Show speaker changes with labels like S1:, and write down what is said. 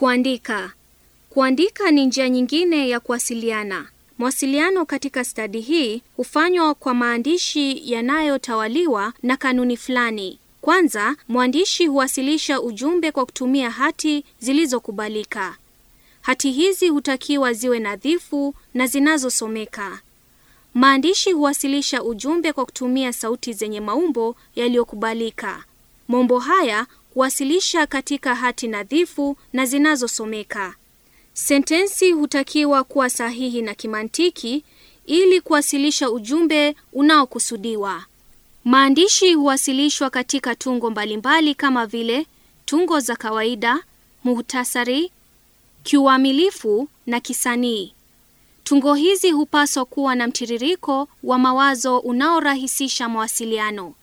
S1: Kuandika. Kuandika ni njia nyingine ya kuwasiliana. Mawasiliano katika stadi hii hufanywa kwa maandishi yanayotawaliwa na kanuni fulani. Kwanza, mwandishi huwasilisha ujumbe kwa kutumia hati zilizokubalika. Hati hizi hutakiwa ziwe nadhifu na zinazosomeka. Maandishi huwasilisha ujumbe kwa kutumia sauti zenye maumbo yaliyokubalika. Maumbo haya kuwasilisha katika hati nadhifu na zinazosomeka. Sentensi hutakiwa kuwa sahihi na kimantiki ili kuwasilisha ujumbe unaokusudiwa. Maandishi huwasilishwa katika tungo mbalimbali kama vile tungo za kawaida, muhtasari, kiuamilifu na kisanii. Tungo hizi hupaswa kuwa na mtiririko wa mawazo unaorahisisha mawasiliano.